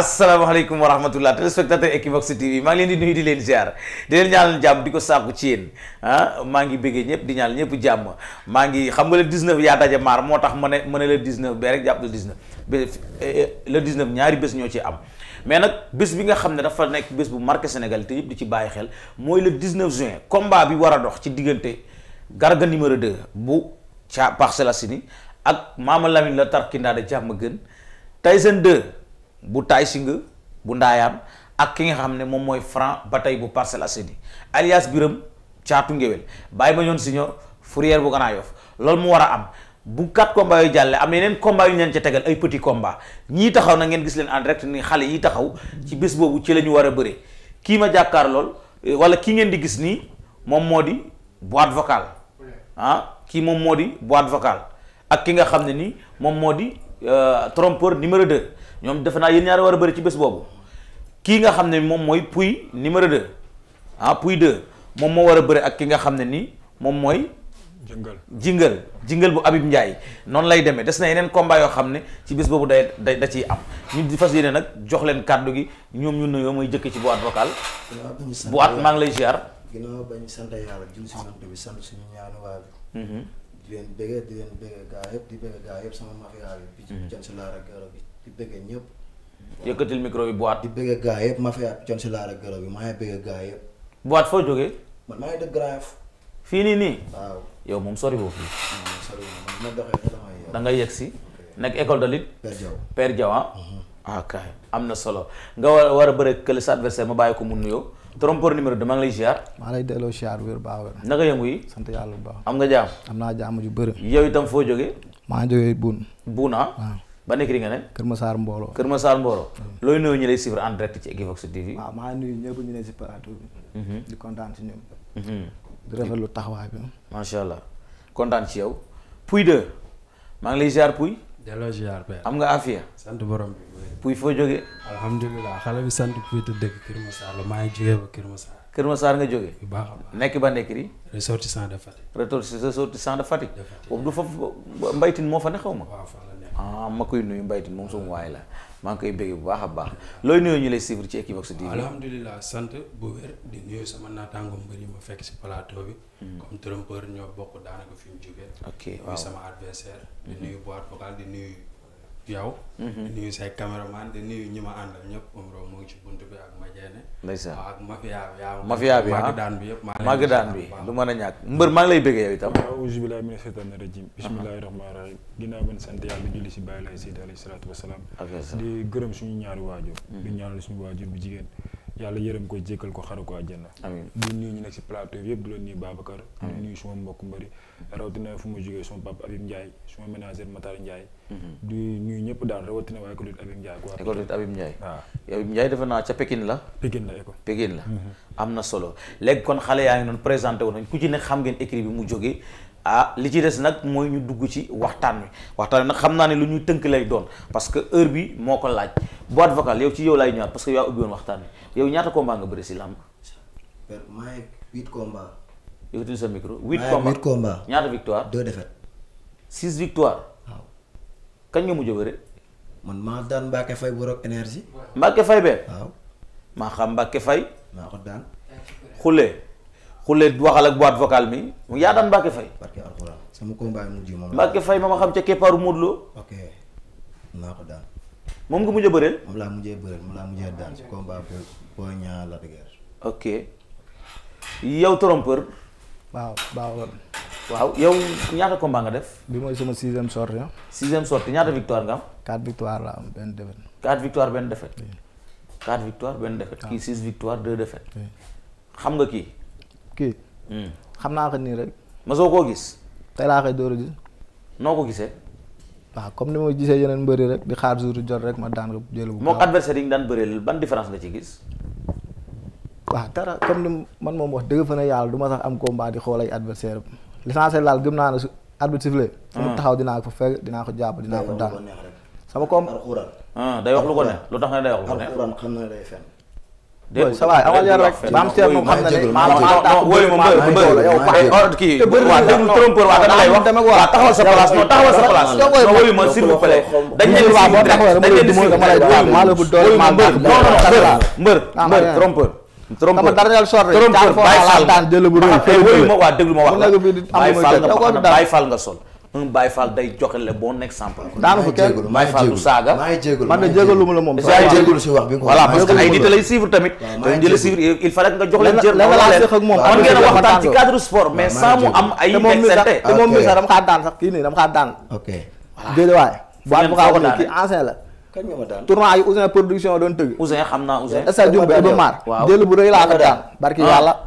asalaamaaleykum wa rahmatullah téléspectateur Equivox TV maa ngi leen di nuyu di leen ziar di leen ñaanal jàmm di ko sàkku ci yéen ah maa ngi bëggee ñëpp di ñaanal ñëpp jàmm maa ngi xam nga le 19 yaa daje maar moo tax ma ne ma ne le 19 bee rek jàpp le 19 ba eh, eh, le 19 ñaari bés ñoo ci am mais nag bés bi nga xam ne dafa nekk bés bu marke Sénégal te ñëpp di ci bàyyi xel mooy le 19 juin combat bi war a dox ci diggante Garga numéro 2 bu ca Parcelles Assainies ak Mama Lamine la Tarkinda de Diamaguène Tyson 2 bu Tay Singh bu Ndaayaan ak ki nga xam ne moom mooy Franc ba tey bu Parcelles Assainies alias Biram caatu ngéwél bàyyi ma ñoon siño fourrière bu Grand Yoff loolu mu war a am bu quatre combats yu jàlle am na yeneen combats yu ñu ca tegal ay petit komba ñi taxaw na ngeen gis leen en direct ni xale yi taxaw ci bés boobu ci la ñu war a bëree kii ma jàkkaar lool eh, wala kii ngeen di gis nii moom moo di boîte vocal ah kii moom moo di boîte vocal ak ki nga xam ne nii moom moo di euh, trompeur numéro 2 ñoom defe naa yéen ñaari war a bëri ci bés boobu kii nga xam ne moom mooy Pouy numéro de ah Pouy 2 moom moo war a bëri ak ki nga xam ne ni moom mooy. jingal jingal jingal bu Habib njaay noonu lay demee des na yeneen combat yoo xam ne ci bés boobu day day da ciy am ñu di fas yéene nag jox leen kàddu gi ñoom ñu nuyoo mooy jëkk ci bu at vocal. bu at maa ngi lay ziar. ginnaaw ba ñu sant yàlla jul si leen bëggee di leen bëggee gaa yëpp di bëggee gaa yëpp sama mafia di bëggee ñëpp. yëkkatil micro bi di bëggee gars yëpp ma fi at con si laara garab yi ma ngi bëggee gars yëpp. boîte foo jógee. fii nii nii. yow moom sori boobu. sori man da nga yegg si nekk école de lutte. Père Diaw ah? Mhm. Ah, am na solo nga war a war a bëri kële sa adversaire ma bàyyi ko mu nuyoo trompeur numéro deux maa ngi lay ziar. maa lay delloo ziar wér baa wér. naka yëngu yi. sant yàlla bu baax am nga jaam. am naa jaam ju bëri. yow itam foo jógee. maa jógee Boune. Boune ah. ban écrit nga ne. Kër Massar mbooloo Kër Massar Mboro. looy nuyu ñu lay suivre en direct ci Equivox TV. Mhm. di kontaan si ñoom. Mhm. di macha allah kontaan ci yow. Pouy 2 maa ngi lay ziar Pouy. delloo ziar am nga afiya. sant borom bi. Pouy foo jógee. alhamdulilah xale bi sant Pouy te dëkk Kër Massar la maa ngi jógee ba Kër Massar. Kër Massar nga jógee. bu baax a baax nekk ba nekk di. ressortissant de Fatick. ressortissant de Fatick. boobu du fa mbaytin moo fa ne xaw ma. ah ma koy nuyu mbaytin moom suma waay la maa ngi koy bëggee bu baax a baax looy nuyoo ñu lay suivre ci Equivox TV. alhamdulilah sant bu wér di nuyu sama naataango mbër yi ma fekk si plateau bi. Hmm. comme trompeur ñoo bokk daanaka fi mu jógee. ok waaw sama adversaire. di nuyu boîte vocale di nuyu. yow. Mm-hmm. di nuyu say caméraman di nuyu ñi ma àndal ñëpp Omro mu ngi ci bunt bi ak ma ndeysaan ak mafia bi yaa mafia bi màgg ah. daan bi yëpp màgg daan bi du mën a ñàkk mbër maa lay bëggee yow itam. auzu billaahi mina sheytaani rajiim bismillaahi rahmaani rahiim ginnaaw ban sant yàlla julli si bàyyi lay Seydi alayhi salaatu wa salaam. di gërëm suñu ñaari waajur. Mm-hmm. di ñaanal suñu waajur bu jigéen. yàlla yërëm ko jékkal ko xaru ko àjjana di nuyu ñu nekk si plateau yëpp di la nuyu Babacar di nuyu suma mbokk mbëri rawatina fu ma jógee suma papa Abib Ndiaye suma ménagère Matar Ndiaye mhm. di nuyu ñëpp daal rawatina waa école lutte Abib Ndiaye quoi école lutte Abib Ndiaye waaw Abib Ndiaye defe naa ca Pékin la Pékin la école Pékin la mhm. am na solo léegi kon xale yaa ngi noonu présenté wu nañ ku ci nekk xam ngeen écrit bi mu jógee ah li ci des nag mooy ñu dugg ci waxtaan wi waxtaan wi nag xam naa ne lu ñu tënk lay doon parce que heure bi moo ko laaj boîte vocale yow ci yow laay ñaar parce que yow yaa ubbi woon waxtaan wi yow ñaata combat nga bëri si làmb. maa ngi huit combat. yëkkatil sa micro huit victoire kañ nga mujj a bëri. man maa daan Mbacke Faye bu Rock Énergie. Mbacke Faye benn. maa xam Mbacke Faye. maa xulee waxal ak boîte vocale mi mu yaa daan Mbacke Faye. barke alxuraan sama combat yi mujj moom Mbacke Faye ma ma xam ca keppaaru Modou Lo. ok a bëreel. moom laa mujjee bëreel moom laa mujjee daan ci combat ok yow trompeur. waaw baaxul. yow ñaata combat nga def. bi mooy sama sixième sortie. sixième sortie ñaata victoire nga am. quatre victoire la am benn défaite. quatre victoire benn défaite. quatre victoire benn défaite. Ah. kii six victoire deux défaites. xam nga kii. kii. Hmm. xam naa ko nii rek. mosoo koo gis. tey laa koy door a gis. noo ko gisee. waaw comme ni ma gisee yeneen mbëri rek di xaar jour jot rek ma daan ko jël bu. moog adversaire yi nga daan bëreel ban différence nga ci gis. waaw dara comme ni man moom wax dëgg fa ne yàlla du ma sax am combat di xool adversaire l'essentiel daal gëm naa ne su arbitre sifflé. fu mu hmm. taxaw dinaa ko fekk dinaa ko jàpp dinaa ko daan. sama kom ah, day wax lu ko neex lu tax ne day wax lu ko neex. déedéet sa waay amal yar rek maam seer moom xam na ne maam maam kii waaw déglu trompeur waaw dama lay wax waaw taxawal sa place non taxawal sa place non wóyu ma s'il vous plaît dañ leen waaw moo tax dañ leen di maa la bu doole maa mbër non non mbër mbër mbër trompeur trompeur dara sor rek trompeur bàyyi fall daan jël bu rëy wóyu ma waa déglu ma wax la bàyyi fall nga sol un Baye Fall day joxe le bon exemple. la moom. si wax bi voilà parce que ay nit la la ak moom a waxtaan ci mu am ay. excédé te moom mi sax dama xaar daan sax kii nii dama xaar daan. ok voilà déedéet waaye. bu am xaar ko kii ancien la. kañ nga production doon tëgg. Ousin xam naa Ousin. stade Diop ba Mar. waaw bu rëy laa ko daan barki yàlla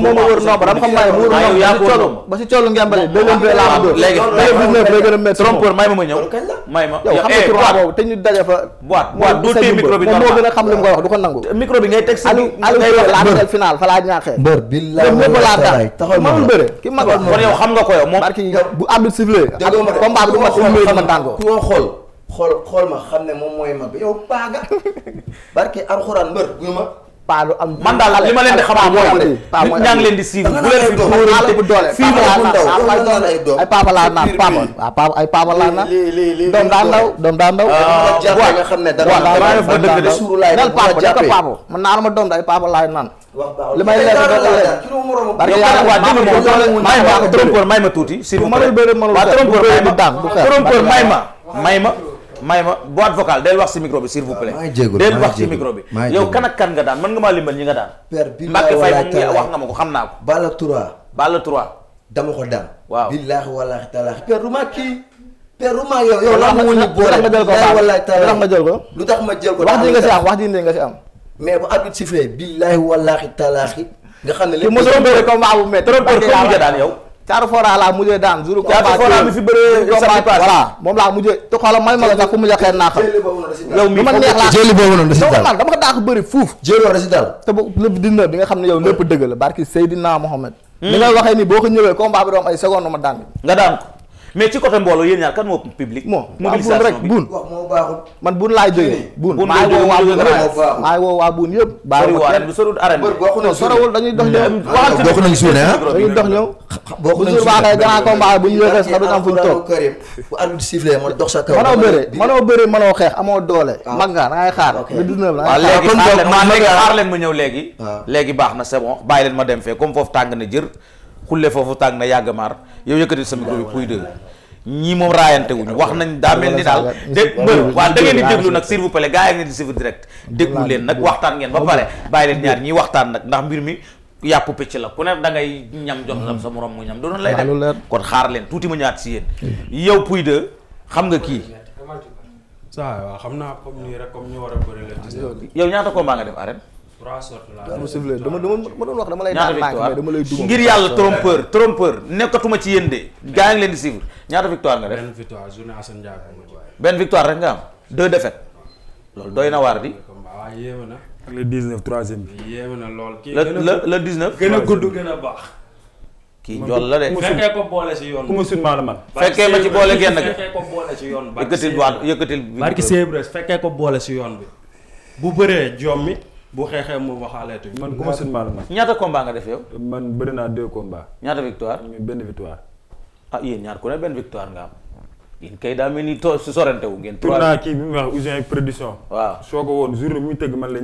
moom moo ma wër nombre dama xam maay muuru nombre ba si colu ba si colu ngembale deuxième bi laa a xam nga a ko nangu micro bi ngay si laal kon yow bi du ma sama daan ko ku xool xool xool ma xam ne moom mooy mag yow baaga barki alxuraan mbër gu ma paa du am. man daal li ma leen di xamal mooy nit ñaa ngi leen di suivre bu leen fi dóorante bu doole fii moom bu ndaw ay papa laa naan papa waaw papa ay papa laa naan doom daa ndaw doom daa ndaw waaw nga xam ne dara maa def ba dëgg de nel papa def naan ma doom da ay papa laa naan li may lekk doo ko lekk parce waa dégg moom may ma trompeur may ma tuuti si ma lay bëre ma la may ma may ma may ma boîte vocale del wax si micro bi s'il vous plaît del wax si micro bi yow kan ak kan nga daan mën nga maa limbal ñi nga daan Mbacke Faye moom wax nga ma ko xam naa ko Balla 3 Balla 3 dama ko daan waaw billaahi wallaahi taalaahi père du ma kii père du ma yow yow la mu ñu boole lu tax ma jël ko lu tax ma jël ko wax di nga si am wax di nga si am mais bu arbitre sifflé billaahi wallaahi taalaahi nga xam ne lépp mosoo bëri combat bu mais trop peur ko mu daan Caatu Fora laa mujjee daan. juru combat Caatu Fora moom laa mujjee te xoolal may ma la sax ku mujjee xeer naa xam. lu ma neex laa jëli boobu noonu da si dal daax bëri fuuf. jëli boobu da si dal. te bu lépp dina di nga xam ne yow lépp dëgg la barki Seydina Mohamed. Hmm. ni ngay waxee ni boo ko ñëwee combat bi doom ay seconde ma daan. nga daan mais ci côté mbooloo yéen ñaar kan moo public. mobilisation bi rek buun. moo baaxul man buun laay jógee. buun buun laay waa buun yëpp. maa ngi woo waa buun yëpp. bari waa bu sorul arène bi sorowul dañuy dox ñëw. bokk nañu suune ah dañuy dox ñëw. bokk nañu suune bu baaxee amoo doole. Ah. mag nga da ma ñëw léegi. Ah. léegi baax na c'est bon bàyyi leen ma dem fee comme foofu tàng na jër xulle foofu tàng na yàgg maar yow yëkkati sa micro bi puy deux ñii moom raayante wuñu wax nañ daa mel ni daal dégg mbër waaw da ngeen di déglu nag s'il vous plaît gaa yi ngeen di suivre direct déglu leen nag waxtaan ngeen ba pare bàyyi leen ñaar ñii waxtaan nag ndax mbir mi yàpp picc la ku ne da ngay ñam jox sam mm. sa morom mu ñam doonoonu lay def kon xaar leen tuuti ma ñaat si yéen mm. yow puy xam nga kii a trois sortes la dama soufflé dama dama ma doon wax dama lay daan laaj mais dama lay duma ngir yàlla trompeur trompeur nekkatuma ci yéen de gaa ngi leen di suivre ñaata victoire nga def benn victoire journée Assane Ndiago benn victoire rek nga am deux défaites loolu doy na waar di yéeme na ak le 19 troisième bi yéeme na lool kii le le 19 gën a gudd gën a baax kii njool la de fekkee ko si yoon ku ma sun maa la man fekkee boole genn ga fekkee ko boole si fekkee ko boole si yoon bi bu bëree jommi boo xeexee mu waxaaleetu. man ku ma sën maa la man. ñaata combat nga def yow. man bëri naa deux combats. ñaata victoire. benn victoire. ah yéen ñaar ku ne benn victoire nga am. yéen kay daa mel ni too ngeen. tur kii bi mu wax usine production. soo ko woon journée bi mu tëgg man la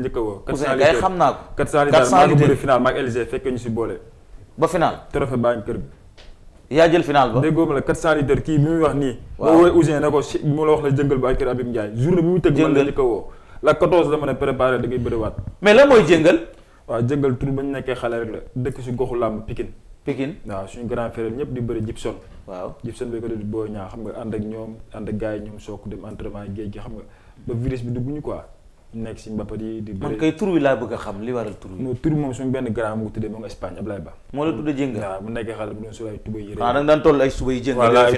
xam naa ko. 400 litres 400 litres maa ngi bëri final maag LG ba final. kër gi. yaa jël final ba. déggoo ma la 400 litres kii bi muy wax nii. waaw boo woowee usine ko si mu la wax la jëngal ba ak kër Abib Ndiaye journée bi mu tëgg man la njëkk a woo la 14 la mën a préparé da ngay bëriwaat. mais lan mooy jëngal. waaw jëngal tur ba ñu nekkee xale rek la dëkk si goxu làmb Pikine. Pikine waaw suñu grand frère ñëpp di bëri Gibson. waaw Gibson bi ko di booy ñaa xam nga ànd ak ñoom ànd ak gars yi ñoom soog dem entrement géej gi xam nga ba virus bi dugg ñu quoi. nekk si mbappat yi di. laa bëgg a xam li waral tur moom suñu benn grand mu ngi tuddee moom Espagne Ablaye Ba. moo la tuddee jëngal waaw nekkee xale bu doon suba ay tuba ah, yi. nga daan toll ay suba yi jëngal. voilà ay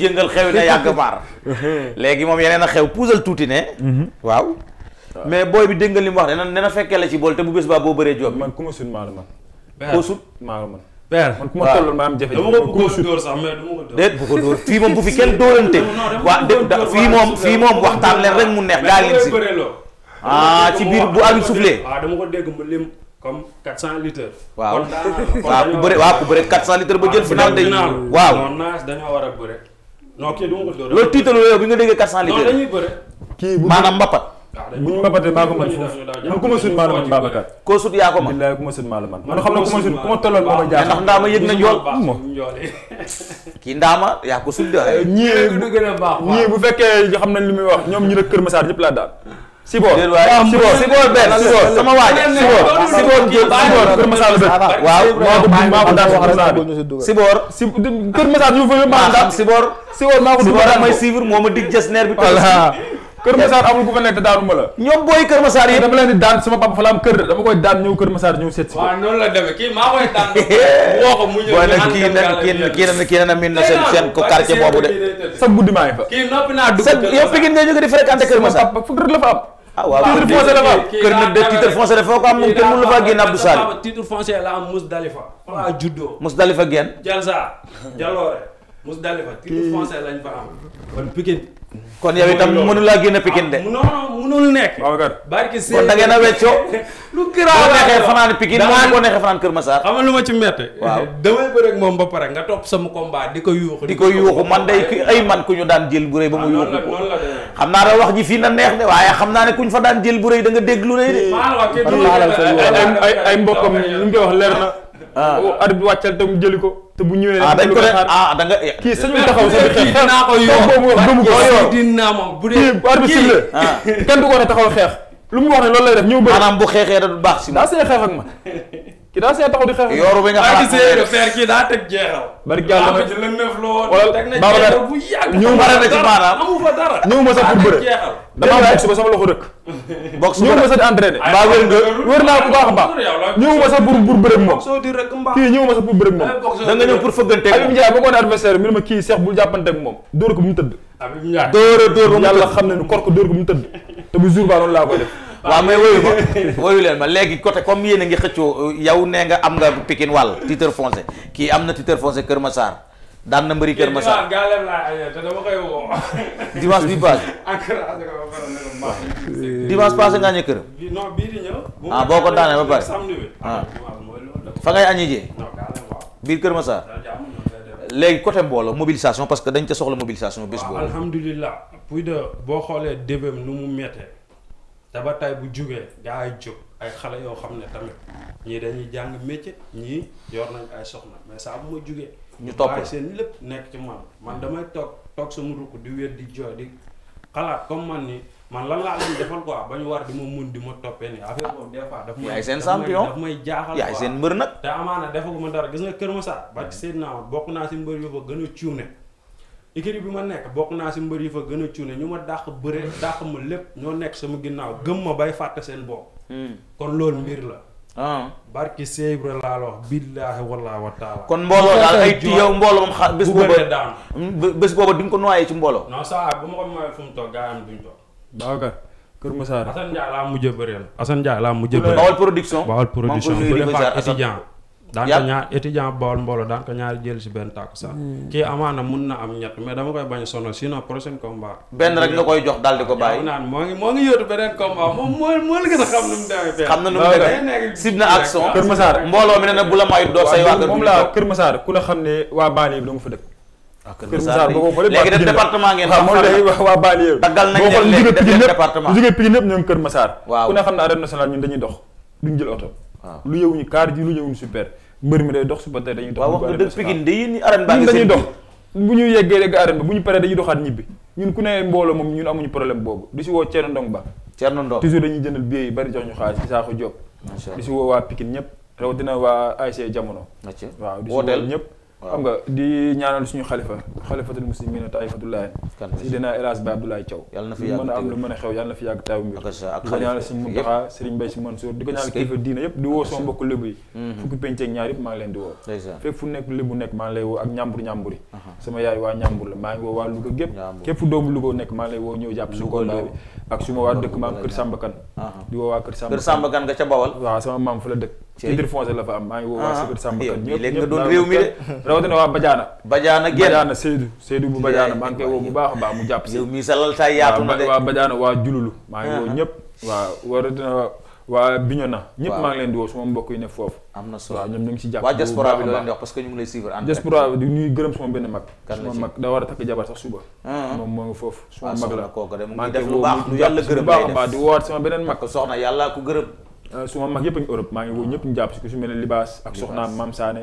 jëngal xew na maar. léegi moom yeneen a xew puusal tuuti ne. Mhm. waaw. mais booy bi dégg nga li mu wax ne na fekkee la ci bool te bu bés baa boo bëree job man ku ma sut maa man. ku sut maa man père man ku ma tolloon ma am jafe-jafe dama ko dóor sax mais dama ko dóor déet bu ko dóor fii moom fi moom fii moom waxtaan rek mu neex gaa leen si ah ci biir bu abi soufflé ah, waaw dama waaw waaw ku bëre waaw ku ba jël ah, final day waaw non naas dañoo war a bëre non kii dama bi nga déggee 400 litres non dañuy bëre kii maanaam bu ñu mbabatee maa ko mën foofu koo sut yaa ko ma sut maa la ma moo ma yëg na njool mo kii ndaama yaa ko sut de ñii bu fekkee xam nañ li muy wax ñoom ñi rek Kër Massar ñëpp laa daal Sibor Sibor Sibor benn Sibor sama waaj Sibor Sibor Sibor Kër Massar la bëgg waaw maa ko maa ko daan Kër Massar si Kër Massar ñu fa maa daan Sibor Sibor maa ko daan may moo ma dig jesneer bi Kër Massar amul ku fa nekk daanu ma la. ñoom booy Kër Massar yi dama leen daan sama papa fa la am kër daan ñëw Kër Massar ñëw seet si. waaw noonu la demee kii maa kii nag kii nag seen seen ko quartier boobu de. chaque guddi fa. kii yow Pikine nga jóge di fréquenté Kër Massar la fa la fa am ah, kër nag de foo ko am moom kenn mënu la faa génn Abdou Sall. titre foncier la am Musdalifa. waaw génn. kon yow itam mënu laa génn ah, Pikine de. non non mënul nekk. barki seen kon da ngeen a weccoo. lu garaaw la neexee fanaan Pikine moo ko neexee fanaan Kër Massar. xam nga lu ma ci métti. waaw damay bëri ak moom ba pare nga topp sama combat di ko yuuxu. di ko yuuxu man day ki ay man ku ñu daan jël bu rëy ba mu ah, yuuxu ko. xam naa da wax ji fii na neex de waaye xam naa ne ku ñu fa daan jël bu rëy danga nga dégg lu rëy de. ay ay mbokkam lu ñu koy wax leer na. ah arbitre wàccal mu jëli ko te bu ñëwee ah dañ ko def ah da nga kii sañu taxaw sa kii dinaa ko yor dinaa moom bu dee kii ah. kenn du ko ne taxaw xeex lu mu wax ne loolu lay def ñëw bëri maanaam bu xeexee da du baax si daa see xeex ma ki daa see taxaw di xeex. yoru nga xalaat moom gisee kii daa teg jeexal. bari jàll na ci lëndëf lool. teg na jeexal bu ma sa dara ñëw ma sa ba sama loxo rëkk. di entraîné. mbaa nga wér naa bu a nga ñëw pour ba ko ne adversaire bi mu ne moom. dóor ko bu mu tëdd. Habib Ndiaye dóor dóor ba mu tëdd xam ne ni kor ko dóor ko bu mu tëdd te bu jour ba noonu laa koy def waaw mais woyu ma woyu leen ma léegi côté comme yéen a ngi xëccoo yow ne nga am nga Pikine wàll titre foncé kii am na titre foncé Kër Massar daan na mbëri Kër Massar dimanche bi passé dimanche passé nga añee kër ah boo ko daanee ba pare ah fa ngay añee jee biir Kër Massar léegi côté mbooloo mobilisation parce que dañ ca soxla mobilisation bés boobu puy de boo xoolee débém nu mu mettee te ba tey bu jugee gaa yi jóg ay xale yoo xam ne tamit ñii dañuy jàng métier ñii yor nañ ay soxna mais saa bu ma jugee. ñu topp seen lépp nekk ci man man mm. damay toog toog sama rukk di wér di jooy di xalaat comme man ni man lan laa leen defal quoi ba ñu war di ma mun di ma toppee nii affaire boobu des fois. daf may yaay seen champion daf may jaaxal yaay seen mbër nag. te amaana defaguma dara gis nga Kër Massar. ba ci mm. seen naaw bokk naa si mbër yu ba gën a cuune. écurie bi ma nekk bokk naa si mbër yi fa gën a cuune ñu ma dàq bëre dàq ma lépp ñoo nekk sama ginnaaw gëm ma bay fàtte seen bopp. Hmm. kon loolu mbir la. ah. barki Sèye laa la wax billaahi wallaahi wa taala. kon mbooloo daal ay ti mbooloo moom xa hmm, bés booba daanu. bés booba di nga ko noyyee ci mbooloo. non ça bu ma ko noyyee fu mu toog gaa am duñ toog. Babacar Kër Masar. Assane Ndiaye laa mujjee bëreel. Assane Ndiaye laa mujjee bëreel. Bawal production Bawal production. bu dee étudiant daan ko ñaar étudiant Bawol mbooloo daan ko ñaari jël si benn tàkku sax hmm. kii amaana mun na am ñett mais dama koy bañ sono sinon prochaine combat benn rek nga koy jox daal di ko bàyyi naan moo ngi moo ngi yóotu beneen combat moom moo la gën a xam nu mu xam na nu mu demee na action Kër Massar mbooloo mi ne na xam ne waa Bani yi da nga fa dëkk ah, Kër Massar boo ko xoolee léegi def waaw ku ne xam ne arène nationale ñun dañuy dox duñ jël oto waaw ah. lu yëwuñu kaar ji lu yëwuñu super mbër mi day dox suba dañuy dox waaw wax nga dëgg Pikine day yéen arène baa ngi dañuy dox bu ñu yeggee rek arène ba bu ñu paree dañuy doxaat ñibbi ñun ku ne mbooloo moom ñun amuñu problème boobu di si woo Thierno Ndong ba Thierno Ndong toujours dañuy jëndal billet yi bari jox ñu xaalis Isaaxa Diop di si woo waa Pikine ñëpp dina waa ASC jamono waaw di si woo ñëpp xam nga di ñaanal suñu xalifa xalifatul muslimina taifatullahi sidina El Hadj Ba Abdoulaye mën a am lu mën a xew yàlla na fi yàgg taawu mbir di ñaanal suñu Muntaxa Serigne Mbaye Sy Mansour di ko ñaanal kilifa diina yëpp di woo sama mbokk lébu yi mm-hmm. fukki penc ñaar yëpp maa ngi leen di woo fépp fu nekk lébu nekk maa ngi lay uh-huh. waa ñàmbur la maa ngi woo waa Louga gépp képp doomu Louga nekk maa ngi lay woo ñëw jàpp suñu combat bi ak suma waa dëkk maam kër Sambakan uh-huh. di woo waa kër Sambakan nga la dëkk interfoncé la fa am maa ngi woo waa ah, Sëbër bu Badiana maa ngi koy a baax mu jàpp si na de waa sax ah. ah, mag la kooku ngi def lu baax lu di woowaat sama beneen mag soxna yàlla ku gërëm su ma mag yëpp a ngi Europe maa ngi woo ñëpp ñu jàpp si ku si mel ne Libaas ak soxnaam Mam saane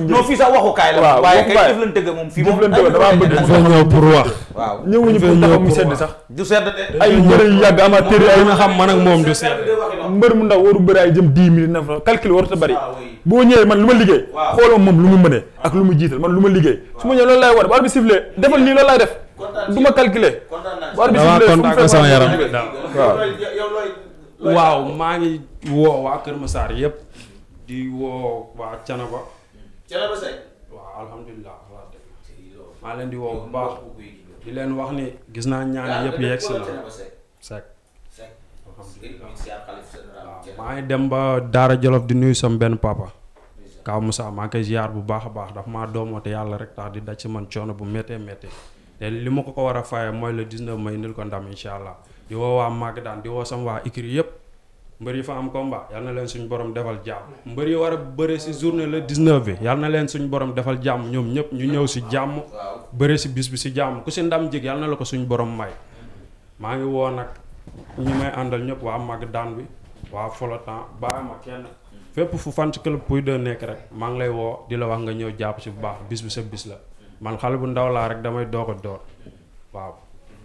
non fii sax waxukaay la. waaw waaye kay jëflante ga moom fii moom. jëflante damaa bëgg dafa ñëw pour wax. waaw ñëwuñu pour taxaw mu sedd sax. du sedd de. ay mbër yu yàgg amateur yi nga xam man ak moom du sedd. mbër mu ndaw waru bëri ay jëm dix minutes neuf calcul warut a bëri. Ah, boo ñëwee man lu ma liggéey. waaw xooloo moom lu mu mënee. Ah. ak lu mu jiital man lu ma liggéey. su ma ñëwee loolu laay war ba arbitre bi sifflé defal nii loolu laay def. du ma calculé. bu arbitre bi sifflé fu mu fekk sama yaram waaw maa ngi woo waa Kër Massar yëpp di woo waa Canaba waaw alhamdulilah. maa leen di woo bu baax di leen wax ni. gis naa ñaan yépp yegg si na Seck. maa ngi dem ba Daara Jolof di nuyu sam benn papa. Kaw Moussa maa ngi koy ziar bu baax a baax dafa maa doomoo te yàlla rek tax di daj si man coono bu méttee méttee. te li ma ko ko war a fayee mooy la 19 mai indil ko ndam incha allah di woo waa di woo sama waa Ikri yëpp. mbër yi fa am combat yal na leen suñu borom defal jàmm mbër yi war a bëre si journée le 19 bi yal na leen suñu borom defal jàmm ñoom ñëpp ñu ñëw si jàmm bëre si bis bi si jàmm ku si ndam jig yal na la ko suñu borom may maa ngi woo nag ñu may àndal ñëpp waa mag daan bi waa folotan bàyyi ma kenn fépp fu fan ci club Pouye 2 nekk rek maa ngi lay woo di la wax nga ñëw jàpp si bu baax bis bi sa bis la man xale bu ndaw laa rek damay doog a door waaw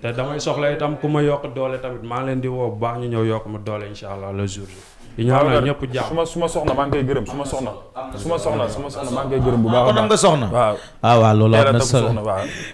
te damay soxla itam ku ma yokk doole tamit maa leen di woo bu baax ñu ñëw yokk ma doole incha allah le jour yi ñaan na ñëpp jàpp suma suma soxna maa suma soxna suma soxna suma maa ngi koy gërëm bu baax kon am nga ah, soxna waaw waaw waaw loolu na solo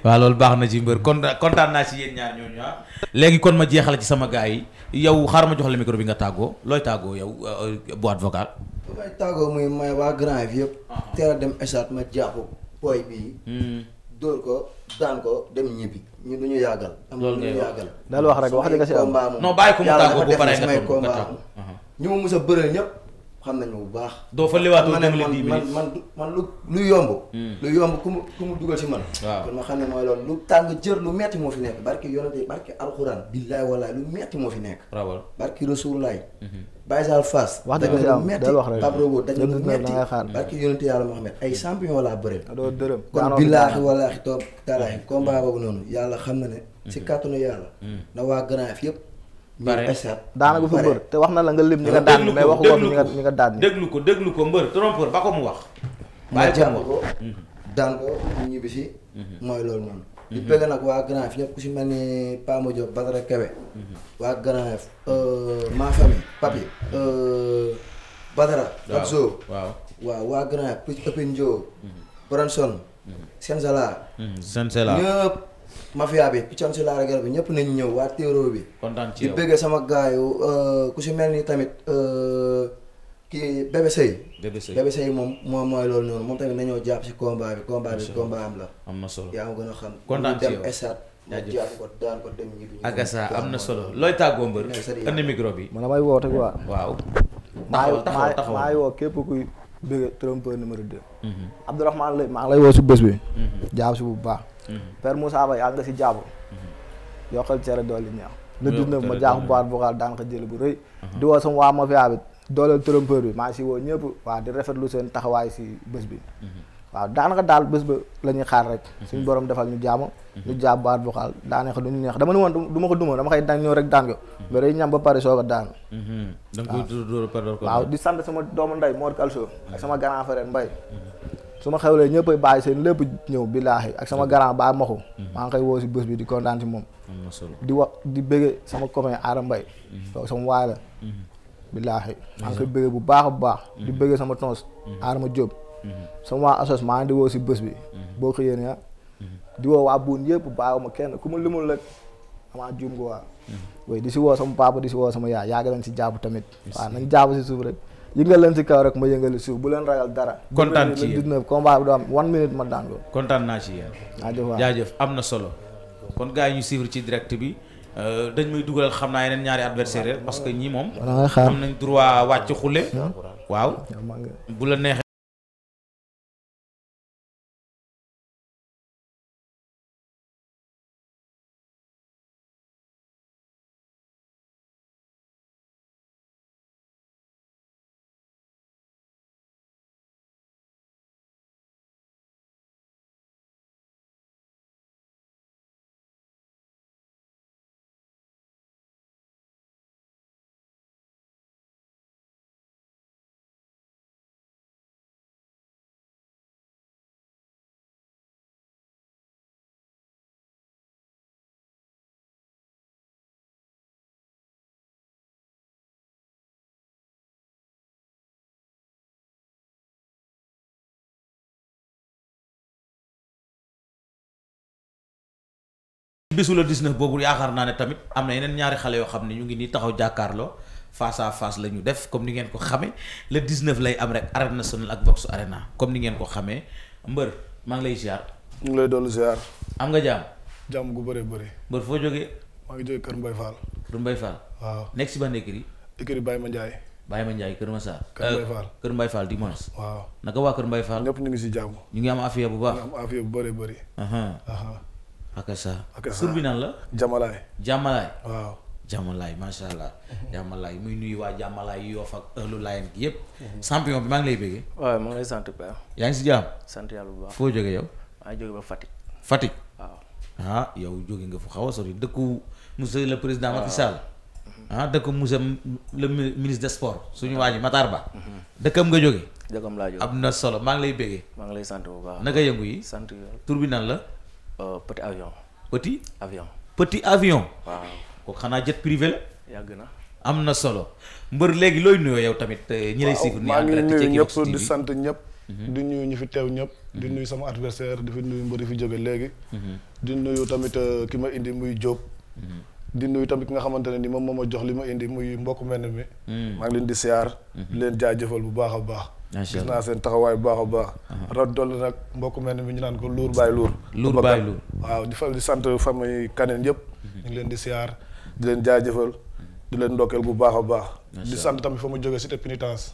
waaw baax na ci mbër kon kontaan naa si yéen ñaar ñooñu ah léegi kon ma jeexale ci sama gars yi yow xaaral ma jox la micro bi nga tàggoo looy tàggoo yow euh, boîte vocale may tàggoo muy may waa grand yi yëpp ah. teel dem esat ma jàpp booy bii hmm. dóor ko daan ko dem ñibbi ñu duñu yàggal. loolu ngay wax daal wax rek wax dëgg si am non bàyyi ko mu tàggoo bu paree nga toog nga toog ñu ma mus a bëreel ñëpp xam nañu bu baax. doo fa leewaatoo dem leen dix minutes man man lu lu yomb. Hmm. lu yomb ku mu ku mu dugal si man. waaw kon ma xam ne mooy loolu lu tàng jër lu metti moo fi nekk barki yonente barki alxuraan. billaay walaay lu metti moo fi nekk. rawal barki rasuulaay hmm. Baye Sall Fass. wax dëgg yàlla metti Pape Robo dañu metti barki yonente yàlla Mohamed ay champion laa bëre. doo dërëm kon billaahi walaahi toog talaahi mm. combat boobu noonu yàlla xam na ne. si mm. kàttanu yàlla. Mm. na waa Grand F yëpp. bare daanaka fi mbër te wax na la nga lim ñi nga daan mais waxu ko ñi nga ñi nga daan. déglu ko déglu ko mbër trompeur ba ko mu wax. bàyyi ko mu wax mm-hmm. daan ko ñibbisi. Mm-hmm. mooy loolu noonu. di bëgg nag waa Grand Yoff ñëpp ku si mel ni Pamo Diop Badara mhm. waa Grand Yoff euh, ma famille papi mhm. euh, Badara ak Zo waaw waa Grand Yoff Puy Ëppin Ndio mhm. Branson Senzala Senzala ñëpp mafia bi Pichon si bi ñëpp nañu ñëw waa téeroo bi kontaan ci yow di bëgg sama gaayu euh, ku si mel ni tamit kii Bébé Seye. Bébé Seye moom moom mooy loolu noonu moom tamit nañoo jàpp si combat bi combat bi combat am na solo ma gën a xam. kontaan ci yow dem Esat. jaajëf jàpp ko daan ko dem ñibbi. Agassa am na solo looy tàggoo mbër. andi micro bi. man damay woote quoi. waaw. taxaw taxaw taxaw maa woo képp kuy bëgg trompeur numéro 2. Mhm. Abdourahmane lay maa ngi lay woo si bés bi. Mhm. jàpp si bu baax. Mhm. Père Moussa Baye si jàpp. yokkal cere doole ñaax. le 19 ma jaaxu boîte vocale daan ko jël bu rëy. di woo sama waa mafia bi dooleel trompeur bi maa si woo ñëpp waaw di lu seen taxawaay si bés bi waaw daanaka daal bës ba la ñuy xaar rek suñu borom defal ñu jaamu ñu jaab baat bu xaal daanaka du ñu neex dama ne woon du ma ko duma dama xëy daan ñëw rek daan ko mais day ñam ba pare soog a daan di sant sama doomu nday Mor Kalso sama grand frère su ma xewlee ñëpp ay bàyyi seen lépp ñëw billaahi ak sama grand baa maxu mm-hmm. maa woo si bés bi di kontaan si moom di wax di bëggee sama copain Aara Mbay mm-hmm. sama waay la mm-hmm. billaahi maa ngi koy bëggee bu baax bu baax mm-hmm. di bëggee sama tons mm-hmm. Adama Diop mm-hmm. sama waa asos maa ngi di woo si bës bi boo xëyee ne ah. di woo waa buun yëpp bàyyiwuma kenn ku ma limul rek amaa juum ko waa way di si woo sama papa di si woo sama yaay yaaga leen si jàpp tamit waaw nañ jàpp si suuf rek yëngal leen si kaw rek ma yëngali suuf bu leen ragal dara kontaan ci yéen 19 combat bi do am one minute ma daan ko kontaan naa ci yéen jaajëf am na solo kon gars bi Euh, dañ may dugalal xam naa yeneen ñaari adversaire parce que ñii moom. am nañ droit wàcc xulle waaw bu la neexee. bisu la 19 boobu yaakaar naa ne tamit am na yeneen ñaari xale yoo xam ne ñu ngi nii taxaw jàkkaarloo face à face la def comme ni ngeen ko xamee le 19 lay am rek arène nationale ak Vox Arena comme ni ngeen ko xamee mbër maa ngi lay ziar. ñu ngi lay dolli ziar. am nga jàmm. jàmm gu bëree bëri. mbër foo jógee. maa ngi jógee Kër Mbaye Fall. Kër Mbaye Fall. waaw nekk si ban écurie. écurie ma Mandiaye. Baye Mandiaye Kër Massar. Kër Mbaye euh, Fall Kër Mbaye Fall dimanche. waaw naka waa Kër Mbaye Fall. ñëpp ñu ngi si jàmm. ñu ñu ngi am affaire bu bëree akasa tur bi la jamalaay jamalaay waaw jàmmalaay macha allah mhm. jàmmalaay muy nuyu waa jàmmalaay yoo ak ëllu Laayeen gi yëpp. Mhm. champion bi maa ngi lay bëggee. waaye maa ngi lay sant yaa ngi si jàmm. sant yàlla bu baax foo jógee yow. maa ngi jóge ba Fatick. Ah, yow jóge nga fu xaw a sori dëkku monsieur le président Macky Sall. Mhm. ah dëkku monsieur le ministre des suñu waa ji Matar Ba. dëkkam nga jóge. dëkkam laa jóge am na solo maa ngi lay bëggee. maa ngi lay sant baax naka yëngu yi. sant la. Euh, petit avion. petit. avion petit avion. waaw kooku xanaa jet privé la. yàgg na am na solo mbër léegi looy nuyoo yow tamit euh, ñi lay siif. maa ngi nuyu ñëpp di sant ñëpp. Mhm. di nuyu ñu fi teew ñëpp. di mhm. nuyu sama adversaire di fi nuyu mbër yi fi jóge léegi. Mhm. di nuyu tamit euh, ki ma indi muy Diop. di nuyu tamit ki nga xamante ne ni moom moo ma jox li ma indi muy mbokk mel mi. maa ngi leen di siyaar. di leen jaajëfal bu baax a baax. gis naa seen taxawaay bu baax a baax uh-huh. rat doll nag mbokk mel ni mi ñu naan ko luur baay luur luur baay luur waaw di fa di sant famille kaneen yëpp uh-huh. ñu ngi leen di siyaar di leen jaajëfal di leen ndokkeel bu baax a baax di sant tamit fa ma jógee cité pénitence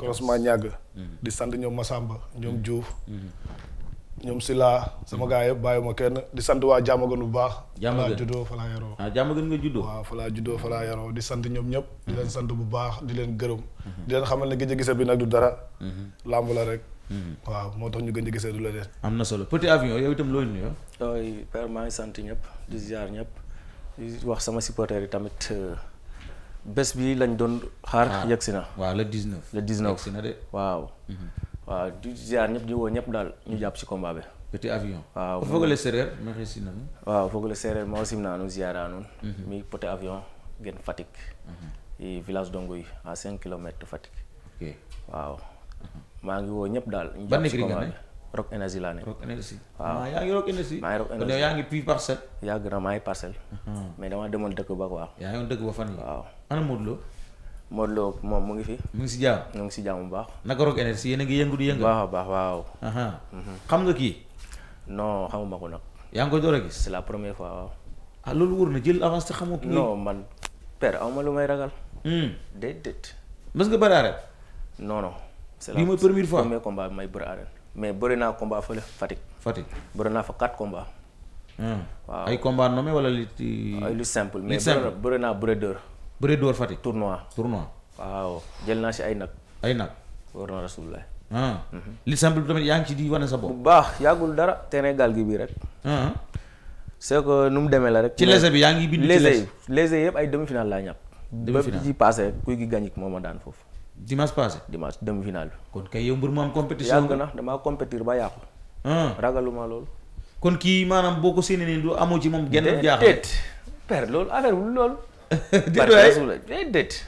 croisement ñàgg uh-huh. di sant ñoom Masamba ñoom Diouf ñoom si laa sama gars yëpp bàyyi ma kenn di sant waa Diamaguène bu baax. Diamaguène falaa juddoo falaa yaroo. ah Diamaguène nga juddoo. waaw falaa juddoo falaa yaroo di sant ñoom ñëpp. di leen sant bu baax di leen gërëm. Mhm. di leen xamal ne gëj a gise bi nag du dara. Mhm. làmb la rek. Mhm. waaw moo tax ñu gën a gisee du la leen. am na solo petit avion yow itam looy nu ooy père maa ngi sant ñëpp di ziar ñëpp wax sama supporters yi tamit euh, bés bi lañ doon. xaar ah. yegg si na. waaw le 19. le 19 yegg si na de waaw. waaw di ziar ñëpp di woo ñëpp daal ñu jàpp ci combat bi. petit avion. waaw fogole séeréer maxey simnanu waaw fogole séeréer maxey simnanu avion gen Fatick mhm. i village Dongoy à cinq kilomètres Fatick waaw mhm. maa ngi woo ñëpp daal ñu jàpp ci combat bi Rock Energy laa ne waaw ah, maa ngi Rock Energy yàgg na maa ngi mhm. mais dama demoon dëkk ba quoi yaa ngi dëkk ba fan yi waaw Modou moom mu ngi fi. mu ngi si jàmm mu ngi si jàmm bu baax. naka Rock Énergie yéen ngi yëngu du yëngu. baax a baax waaw. Mhm. xam nga kii. non xamuma ko nag. yaa ngi koy door a gis. c'est la première fois waaw. ah loolu wóor na jël avance te xamoo. non man père aw ma lu may ragal. Hmm. déedéet. mës nga bëri arène. non non. c'est la première fois may bëri arène. mais bëri naa combat fële Fatick. Fatick bëri naa fa quatre combats. Hmm. waaw ay combats nommé wala li. ay lu simple mais bëri naa bëri bëree dóor Fatick. tournoi tournoi. waaw jël naa si ay nag. ay nag. war na rasulullah. Ah. Mhm. li simple bi tamit yaa ngi ci di wane sa bopp. bu baax yàggul dara terrain gaal gi bii rek. Ah. c'est que nu mu demee la rek. ci léger bi yaa ngi bind ci léger léger yëpp ay demi-finale laa ñàkk. demi-finale ba ci moo ma daan foofu. dimanche passé. dimanche demi-finale bi. kon kay yow mbir mu am compétition. yàgg na damaa compétir ba yàqu. Ah. ragaluma loolu. kon kii maanaam boo ko séenee nii du amoo ci moom. genn jaaxal loolu affaire bi loolu. déedéet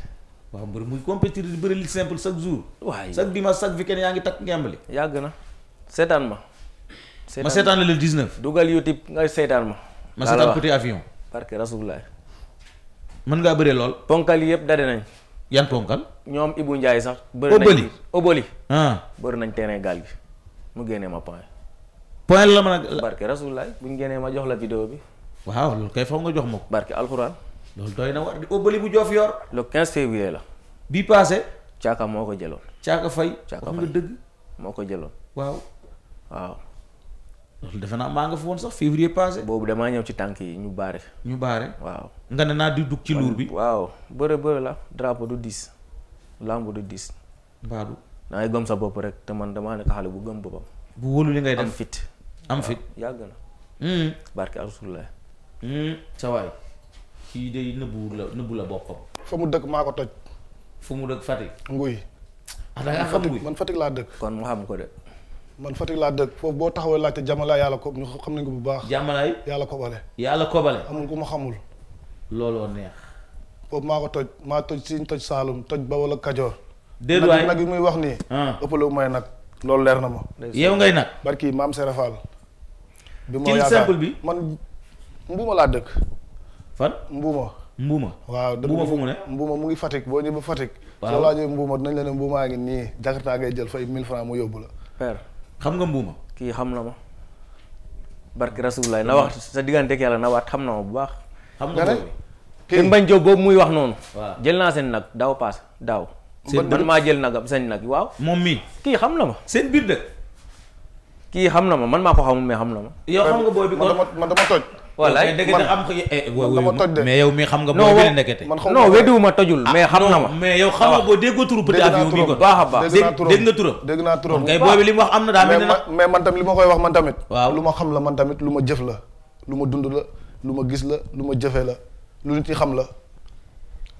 waaw mbër muy compétir di bëri li simple chaque jour. waay chaque dimanche chaque weekend yaa ngi takk ngemb li. yàgg na seetaan ma. seetaan ma seetaan la le 19. dugal youtube nga seetaan ma. ma seetaan côté avion. parce que rasulullah. mën ngaa bëree lool. ponkal yëpp dade nañ. yan ponkal. ñoom Ibou Ndiaye sax. bëri nañ obali obali. Ah. nañ terrain gaal gi mu génnee ma point. point la mën a. barke rasulullah bu ñu génnee ma jox la vidéo bi. waaw loolu kay faw jox ma ko. barke loolu doy na war di óbbali bu joof yor. le 15 février la. bi passé. caaka moo ko jëloon. caaka fay. caaka fay moo ko jëloon. waaw. waaw. loolu maa nga fa sax février passé. boobu damaa ñëw ci tànk yi ñu baare. ñu baare. waaw nga ne naa di dugg ci luur bi. waaw bëre bëre la drapeau du dix. lamb du dix. baadu. da ngay gëm sa bopp rek te man damaa nekk xale bu gëm boppam. bu wóolu li ngay def am fit. am fit yàgg na. Hmm. barke alhamdulilah. kii de nëbbu la nëbbu la boppam. fa mu dëkk maa ko toj. fu mu dëkk Fatick. nguy ah man Fatick laa dëkk. kon mu ko man Fatick laa dëkk foofu boo taxawee laajte jàmmalaay yàlla ko ñu xam nañ ko bu baax. jàmmalaay yàlla kobale. yàlla kobale amul ku ma xamul. looloo neex. foofu maa ko toj maa toj Siin toj Saalum toj ba ak Kajoor. déedéet nag yi muy wax nii. Ah. ëppale wu may nag loolu leer na ma. yow ngay nag. barki maam Serafal. bi moo yaakaar man mbuuma laa dëkk. fan mbuuma mbuuma waaw mbuuma fu mu ne mbuuma mu ngi Fatick boo ñëwee ba Fatick soo laajee mbuuma dinañ la ne mbuumaa ngi nii Jakarta ngay jël fay mille francs mu yóbbu la père xam nga mbuuma kii xam na ma barke rasulullah na wax sa diggante yàlla na xam na bu baax xam nga te mbañ muy wax noonu jël naa seen nag daaw paas daaw man maa jël nagam seen nag waaw moom mii kii xam na ma xam na ma man maa ko xamul xam na ma yow xam nga booy bi man dama toj voilà eh, eh, mais yow mi xam nga boo beneen ndekete non weddiwuma tojul mais xam na ma mais yow xam nga ah. boo déggoo turu peut être yow mi kon baax a baax dégg nga turam am na daa mel ne mais man tam ma koy waaw lu ma xam la man tamit lu ma jëf la ma dund la lu ma gis la lu ma jëfe la lu nit yi xam la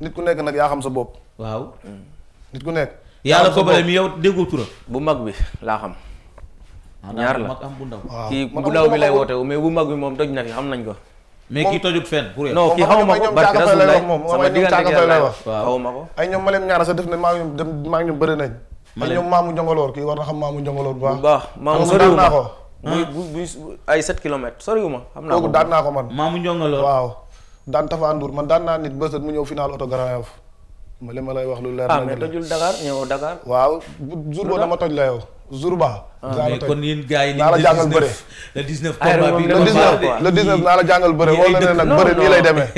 nit ku nekk nag yaa xam sa bopp waaw nit ku nekk yàlla ko bale mi yow déggoo turam bu mag bi laa xam ñaar la mag am bu ndaw kii bu ndaw bi lay woote mais bu mag moom doj na fi xam nañ ko mais kii tojut fenn pour non kii xawma ko barke rasulullah sama diggante lay wax na maa ngi dem maa ngi bëri nañ ay ñoom maamu jongoloor kii war na xam maamu jongoloor bu ma ko bu bu ay 7 kilomètres soriwu ma man daan daan naa mu ñëw final auto Grand Yoff ma li ma lay wax lu leer ah mais tojul Dakar ñëw Dakar waaw jour boo ma toj la yow Zurba. Ah, mais kon yéen gars yi. naa la jàngal bëre le 19 combat bi le 19 naa la jàngal bëre nii lay demee.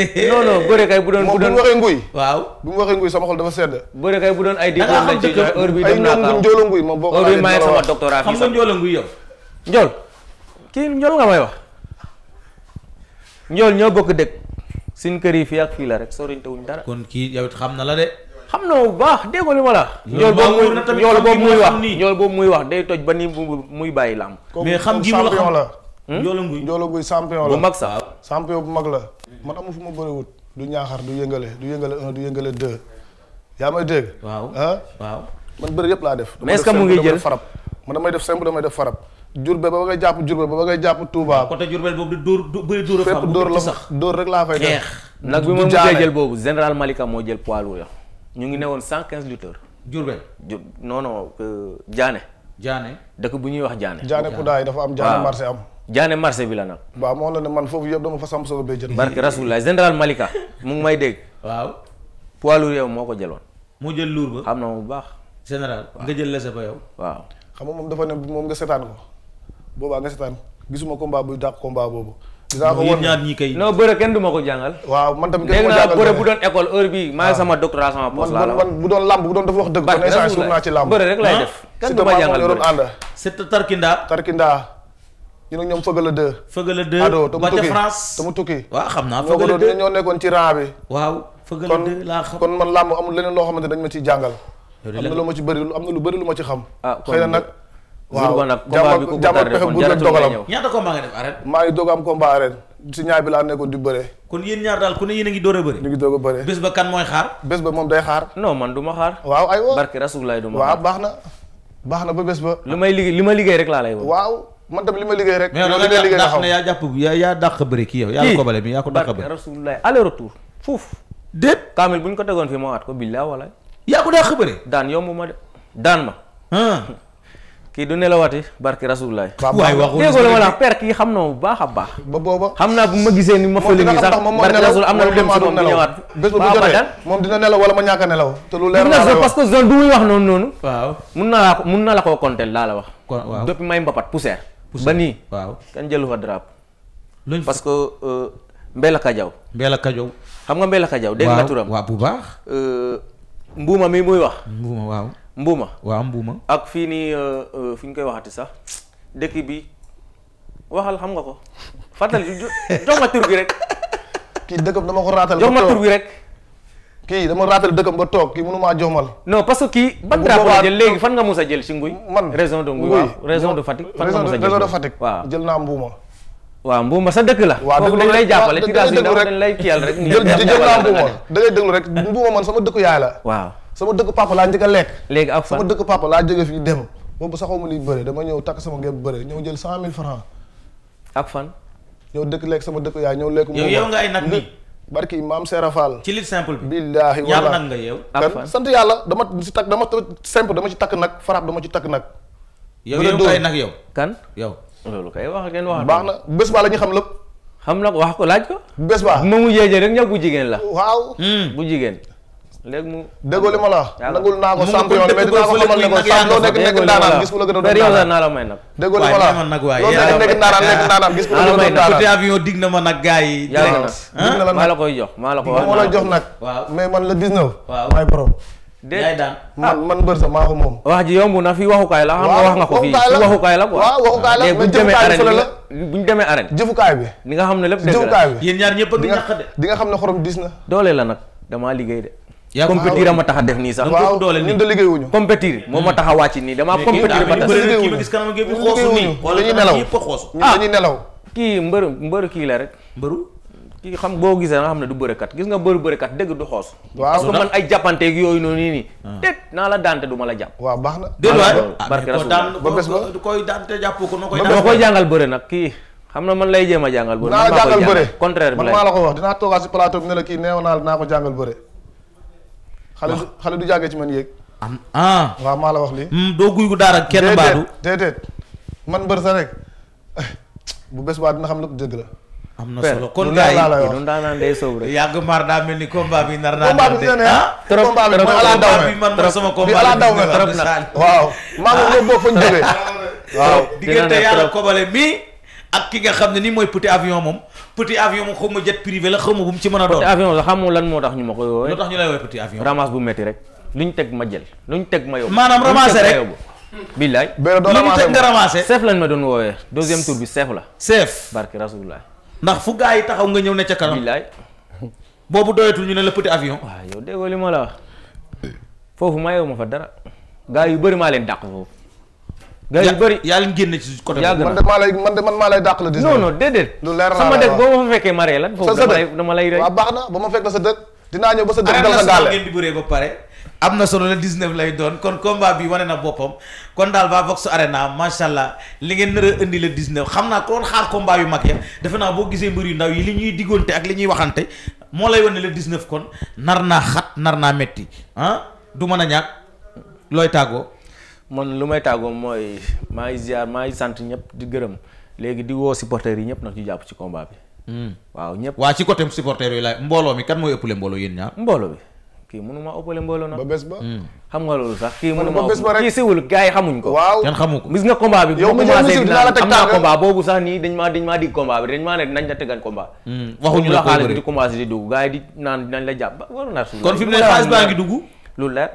non bëre kay bu doon bu doon waxee nguy. waaw bu mu waxee nguy sama xol dafa sedd. bëre kay bu doon ay diplôme ay njoolo nguy ma bokk heure bi maay sama doctorat fii sax xam nga njoolo nguy yow. njool kii njool nga may wax. njool ñoo bokk dëkk suñ kër yi fii ak fii la rek soriñte wuñ dara. kon kii yow xam na la de. xam na bu baax déggoo li ma la. ñool boobu muy ñool boobu muy wax ñool boobu muy wax day toj ba ni muy bàyyi làmb. mais xam gi mu la xam la. Ndiolo Ngouye Ndiolo Ngouye champion la bu mag sax. champion mag la. man amu fu ma bëriwut du ñaaxar du yëngale du yëngale un du yëngale deux yaa may waaw ah waaw. man bëri yëpp laa def. mais est-ce que mu ngi jël farab damay def simple damay def farab. jur ba ba ngay jàpp Jurbel ba ba ngay jàpp Touba. Ah, côté Jurbel boobu du door du bëri dóor la fa. fépp dóor la rek laa fay def. nag bi mu mujjee jël boobu général Malika moo jël poids lourd ñu ngi ne woon cent quinze lutteurs. Diourbel Diou non non Diané. Diané dëkk bu ñuy wax Diané. Diané Poudaay dafa am Diané marché am. jaane marché bi la nag. waaw moo la man foofu yëpp dama fa samp sama béjjën. barke Rasulullah général Malika mu ngi may dégg. waaw poids lourd yow moo ko jëloon. moo jël lourd ba xam na mu baax. général nga jël lese ba yow. waaw xam nga moom dafa ne moom nga seetaan ko boobaa nga seetaan gisuma combat bu dàq combat boobu. dinaa ko won ñaar ñi kay non bëre kenn du ma ko jàngal waaw man tamit kenn du ma jàngal ñoom fëgala deux fëgala deux ado te te mu tukki waaw xam naa ñoo ko doon ñoo nekkoon ci rang bi waaw fëgala deux laa xam kon man làmb amul leneen loo xamante dañ ma ciy jàngal am na lu ma ci bëri am na lu bëri lu ma ci xam ah, xëy nag waaw jamono pexe bu dul dogalam ñaata combat nga def arène maa ngi doog am combat arène si ñaar bi laa nekkoon di bëre kon yéen ñaar daal ku ne yéen a ngi door a bëri ñu ngi doog a bëri bés ba kan mooy xaar bés ba moom day xaar non man du ma xaar waaw ay woo barki rasulaay du ma waaw baax na baax na ba bés ba li may liggéey li ma liggéey rek laa lay wax waaw man tam li ma liggéey rek li nga liggéey xam ne yaa jàpp yaa yaa dàq bëri kii yow yaa ko bale bi yaa ko dàq bëri rasulaay aller retour foofu déet kaamil bu ñu ko tegoon fii moo at ko billaa wala yaa ko dàq bëri daan yomb ma de daan ma kii du nelawati barki rasulullah déggoo la ma per kii xam na bu baax a baax ba booba xam naa bu ma gisee ni ma fële nii sax barki rasul am na lu dem si moom ñëwaat bés bu jotee moom dina nelaw wala ma ñàkk a nelaw te lu leer na parce que zone bi muy wax noonu noonu waaw mun naa la mun na la koo kontel laa la wax waaw may mbapat poussière ba nii waaw kan jëlu fa drap parce que euh, Mbella Kajaw Mbella Kajaw xam nga Mbella Kajaw dégg nga bu baax euh, mbuuma mi muy wax mbuuma mbuuma waaw mbuuma ak fii nii euh, euh, fi ñu koy waxati sax dëkk bi waxal xam nga ko fàttali jox ma tur bi rek kii dëkkam dama ko raatal jox ma tur bi rek kii dama raatal dëkkam ba toog kii mënumaa jomal non parce que kii ban drapeau la jël léegi fan nga mus a jël si nguy man région de nguy waaw région de Fatick fan nga mus a jël région de Fatick waaw jël naa mbuuma waaw mbuuma sa dëkk la foofu dañ jàppale tirage yi dañ lay rek mbuuma man sama dëkku yaay la waaw sama dëkk papa laa njëkk a lekk. léegi ak sama dëkk papa laa jóge fii dem boobu saxoo ma ni bëre dama ñëw takk sama ngeen bëre ñëw jël cent mille francs ak fan. ñëw dëkk lekk sama dëkk yaay ñëw lekk. yow yow nga ay nag nii. barki maam Seera Fall. ci lit simple bi. billaahi wallaahi sant yàlla dama ci takk dama simple dama ci takk nag faraab dama ci takk nag. yow yow kay nag yow. kan yow. loolu kay wax ngeen wax. baax na bés ba ñu xam lépp. xam na ko wax ko laaj bés ba ma mu jeejee rek ñëw bu jigéen la. waaw. Hmm, bu jigéen. léegi mu déggoo li ma la nangul naa ko sàmp yoon mais dinaa ko xamal ne ko sàmp loo nekk nekk ndaanaan gis ku la gën a doon ndaanaan naa la may nag déggoo li ma la nag waay loo nekk nekk ndaanaan nekk ndaanaan gis ku la gën a doon ndaanaan côté avion dig na ma nag gars yi yàgg na la maa la koy jox maa la ko wax ma la jox nag mais man la 19 waaw maay borom déet daan man ah. man mbër sa maa ko moom wax ji yomb na fii waxukaay la xam nga wax nga ko fii waxukaay la quoi waaw waxukaay la ah, mais jëfukaay bi la bu ñu demee arène jëfukaay bi ni nga xam ne lépp dëgg la yéen ñaar ñëpp a ngi ñàq de di nga xam ne xorom dis na doole la nag damaa liggéey de yaa compétir ma tax a def nii sax. waaw ñun de liggéey wuñu compétir moo ma tax a wàcc nii damaa compétir ba tax kii ma gis kanam gi xoosu nii wala dañuy nelaw dañuy ah, nelaw kii mbër mbër kii la rek mbëru kii xam boo gisee nga xam ne du bërekat gis nga mbëru bërekat dëgg du xoos parce que man ay jàppante ak yooyu noonu nii nii ah. déet naa la daante du ma la jàpp waaw baax na barke ah, rasul ba bés ba koy daante jàpp ko noo koy doo koy jàngal bëre nag kii xam na man lay jéem a jàngal bëre naa jàngal bëre contraire bi man maa la ko wax dinaa toogaat si plateau bi ne la kii neew naa la naa ko jàngal bëre xale du xale du jàggee ci man yéeg. am ah. waaw maa la wax lii. Hmm, doo guy gu daara kenn baadu déedéet man mbër sa rek bu bés baa dina xam ne ko la. am na solo kon gars yi du ndaanaan day soob rek yàgg maar daa mel ni combat bi nar naa combat bi dina ne ah trop bi mooy alaa daw bi man mooy sama combat bi daw trop na waaw maa ngi loo bokk fañ jógee ah. waaw diggante yàlla kobale mii ak ki nga xam ne nii mooy petit avion moom petit avion moom xaw ma jet privé la xaw ma bu mu ci mën a doon. petit avion la xamoo lan moo tax ñu ma koy woowee. lu tax ñu lay woowee petit avion. ramasse bu metti rek lu ñu teg ma jël lu ñu teg ma yóbbu. maanaam ramasser rek billaay. mais doo ramasser lu ñu teg nga ramasser. chef lañ ma doon woowee deuxième tour bi chef la. chef barke rasulullah. ndax fu gaa yi taxaw nga ñëw ne ca kanam. billaay. boobu doyatul ñu ne la petit avion. waaw yow déggoo li ma la wax foofu mayoo ma fa dara gaa yu bëri maa leen dàq foofu gars yu bëri yaa ci côté man maa lay man maa lay dàq la non non déedéet lu leer sama dëkk boo ma fa fekkee ma ree lan foofu dama baax na ba ma fekk la sa dëkk dinaa ñëw ba sa dëkk dal ngeen di bëree ba pare am na solo le 19 lay doon kon combat bi wane na boppam kon daal waa Vox Arena macha allah li ngeen nar a indi le 19 xam naa ko doon xaar combat yu mag ya defe naa boo gisee mbër yu ndaw yi li ñuy diggoonte ak li ñuy waxante moo lay wane le 19 kon nar naa xat nar naa metti ah, du mën a ñàkk looy tàggoo man lu may tàggoo mooy maa ngi ziar sant ñëpp di gërëm léegi di woo supporters yi ñëpp nag ñu jàpp ci combat bi. Hmm. waaw ñëpp waa ci côté supporters yi la mbooloo mi kan mooy ëppale mbooloo yéen ñaar. mbooloo bi kii mënuma ëppale mbooloo nag. ba bés ba. Hmm. xam nga loolu sax kii mënuma ëpp kii siwul gars yi xamuñ ko. waaw kenn xamu ko gis nga combat bi. yow mi ngi la am yi di naan nañ la jàpp ba kon fi mu ne xaalis baa ngi dugg lu leer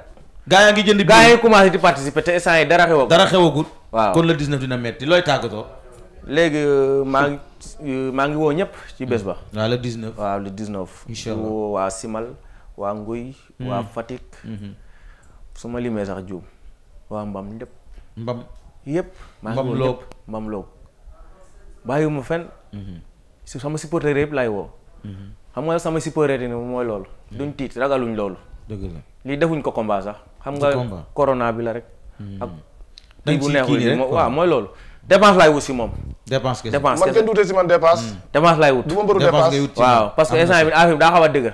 gaa yaa ngi jënd gaa yaa ngi commencé di participer te instant yi dara xewagul dara xewagul waaw kon le 19 dina metti looy tàggatoo léegi euh, maa ngi euh, maa ngi woo ñëpp ci bés ba hmm. waaw le 19 waaw le 19 waa Simal waa Nguy hmm. waa Fatick hmm. su ma limee sax juum waa Mbam lépp Mbam yëpp maa ngi woo ñëpp sama supporter yëpp laay woo xam nga sama supporter yi mooy loolu duñ tiit ragaluñ loolu dëgg la lii defuñ ko combat sax. xam nga corona bi la rek. Hmm. ak dañ bu neexul waaw mooy loolu. dépense laay wut si moom. dépense kese dépense man kenn si man dépense. Hmm. dépense laay wut. du ma parce que instant bi affaire bi daa a a dëgër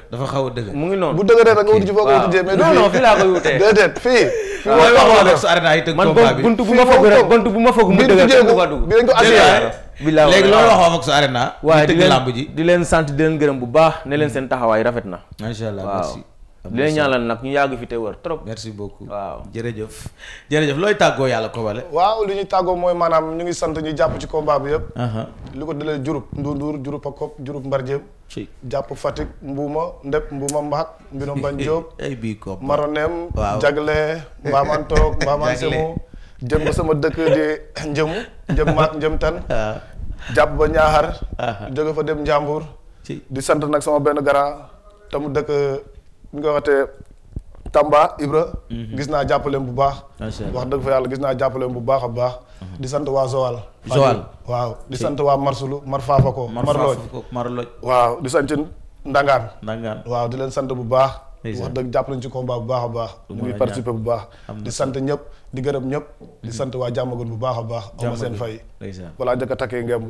ngi noonu. bu dëgëree rek nga ci foo ko wutee. mais bu ma fokk rek bu ma fokk mu dëgër rek mu ko dugg. bi dañ ko assuré bilaay léegi loolu waxoon ak su arena. waaye di leen sant di leen gërëm bu baax ne leen seen taxawaay rafet na. macha allah merci leen ñaanal nag ñu yàgg fi te wër trop. merci beaucoup waaw jërëjëf. jërëjëf looy tàggoo yàlla Kobale. waaw li ñuy tàggoo mooy maanaam ñu ngi sant ñu jàpp ci combat bi yëpp. li ko dalee Diouroup Ndoundour Diouroup Pakop Diouroup Mbarjeem. jàpp Fatick Mbuuma Ndep Mbuuma Mbaak Mbino Mbañ Diop. ay bii ko Maronem. waaw Jagle Mbaaman Toog jëm ba sama dëkk di Njëmu. jëm Njëm Tan. waaw ah. jàpp ba Ñaaxar. jóge fa dem Njàmbur. di sant nag sama benn garaa te mu dëkk. bu ñu ko waxatee Tamba Ibra. Mhm. gis naa jàppaleem bu baax. wax dëgg fa yàlla gis naa jàppaleen bu baax a baax. Mhm. di sant waa Zowal. Zowal waaw di sant waa Marsulu Mar Faafako. Mar Looj Mar Looj waaw di sant Ndangaan. Ndangaan waaw di leen sant bu baax. wax dëgg jàpp nañ ci combat bu baax a baax. ñu ngi participer bu baax. di sant ñëpp di gërëm ñëpp. di mhm. sant waa jàmmagoon bu baax a baax. jàmmagoon am seen fay. balaa njëkk a takkee ngemb.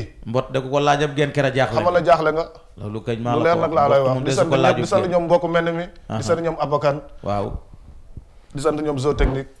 kii. mbot da ko ko laaj ab genn a jaaxle. xamal la jaaxle nga. loolu kañ maa la ko leer nag laa lay wax di sant ñoom di sant ñoom mbokk mel mi. di sant ñoom abokan. waaw di sant ñoom zootechnique.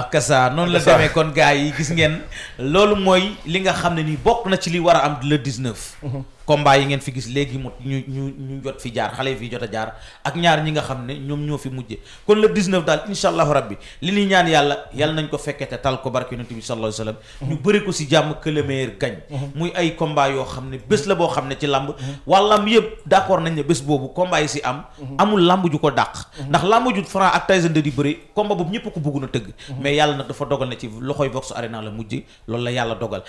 waaw kasa noonu la demee kon gars yi gis ngeen loolu mooy li nga xam ne ni bokk na ci li war a am le 19. combat yi ngeen fi gis léegi mu ñu ñu ñu jot fi jaar xale fi jot a jaar ak ñaar ñi nga xam ne ñoom ñoo fi mujje kon le 19 daal insha allahu rabbi li ñuy ñaan yàlla yàlla nañ ko fekkee te tal ko barke yonent bi sallallahu alayhi mhm. mhm. la boo xam ne ci làmb mhm. wàllam yëpp d'accord nañ ne bés boobu combat yi si am amul làmb ju ko dàq ndax làmb ju Franc ak Tyson di bëri combat boobu ñëpp ko bëgg na tëgg mais yàlla nag dafa dogal ne ci loxoy Vox Arena la mujj loolu la yàlla dogal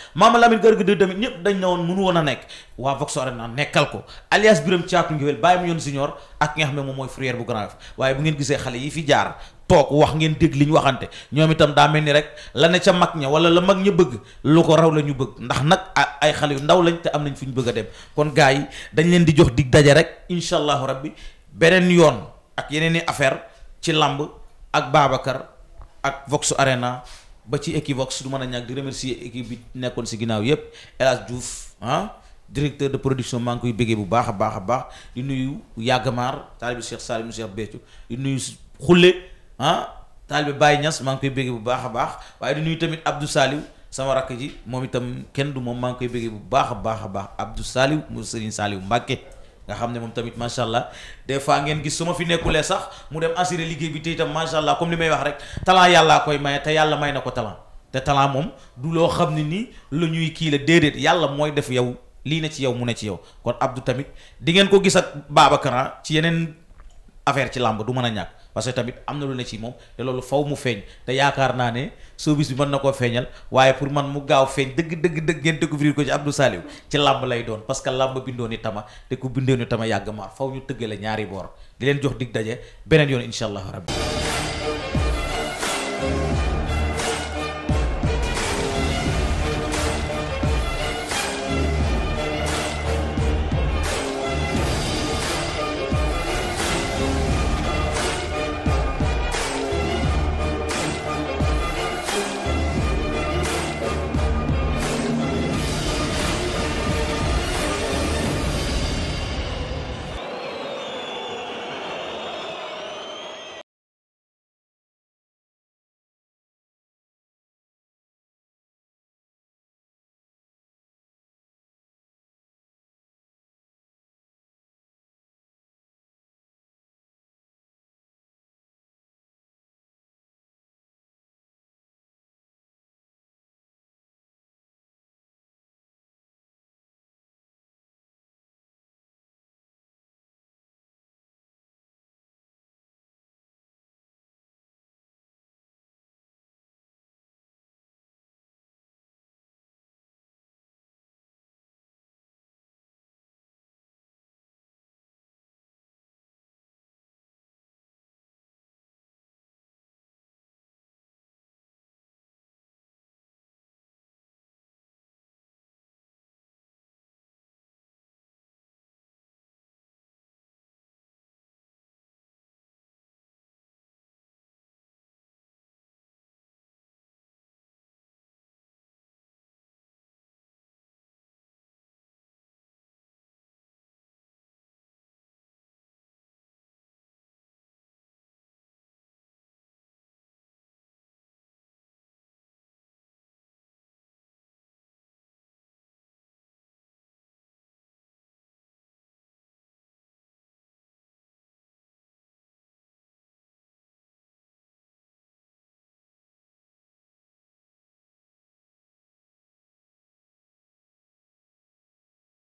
a Vox Arena nekkal ko alias Birame Thiatou Ngewel bàyyi mu yoon junior ak nga xam ne moom mooy frère bu Grand Yoff waaye bu ngeen gisee xale yi fi jaar toog wax ngeen dégg li ñu waxante ñoom itam daa mel ni rek la ne ca mag ña wala la mag ña bëgg lu ko raw la ñu bëgg ndax nag ay xale yu ndaw lañ te am nañ fu ñu bëgg a dem kon gars yi dañ leen di jox dig daje rek incha allahu rabbi beneen yoon ak yeneen i affaire ci làmb ak Babacar ak Vox Arena ba ci Equivox du mën a ñàkk di remercier nekkoon si ginnaaw yépp directeur de production maa ngi koy bëggee bu baax a baax a baax di nuyu Yagamaar taalibi Cheikh Salim Cheikh Béthio di nuyu Xulle ah taalibi Baye Niass maa ngi koy bëggee bu baax a baax waaye di nuyu tamit Abdou Saliw sama rakk ji moom itam kenn du moom maa ngi koy bëggee bu baax a baax a baax Abdou Saliw mu Serigne Saliw Mbàkke nga xam ne moom tamit macha allah des fois ngeen gis su ma fi nekkulee sax mu dem assurer liggéey bi te itam macha allah comme li may wax rek talent yàllaa koy maye te yàlla may na ko talent te moom du loo xam ne nii la ñuy kii la déedéet yàlla mooy def yow lii ne ci yow mu ne ci yow kon Abdou tamit di ngeen ko gis ak Babacar ah ci yeneen affaire ci làmb du mën a ñàkk parce que tamit am na lu ne ci moom te loolu faw mu feeñ te yaakaar naa ne showbiz bi mën na koo feeñal waaye pour man mu gaaw feeñ dëgg dëgg dëgg ngeen découvrir ko ci Abdou Saliou ci làmb lay doon parce que làmb bindoo ni tama te ku bindoo ni tama yàgg maar faw ñu tëggale ñaari boor di leen jox dig daje beneen yoon incha allah rabbi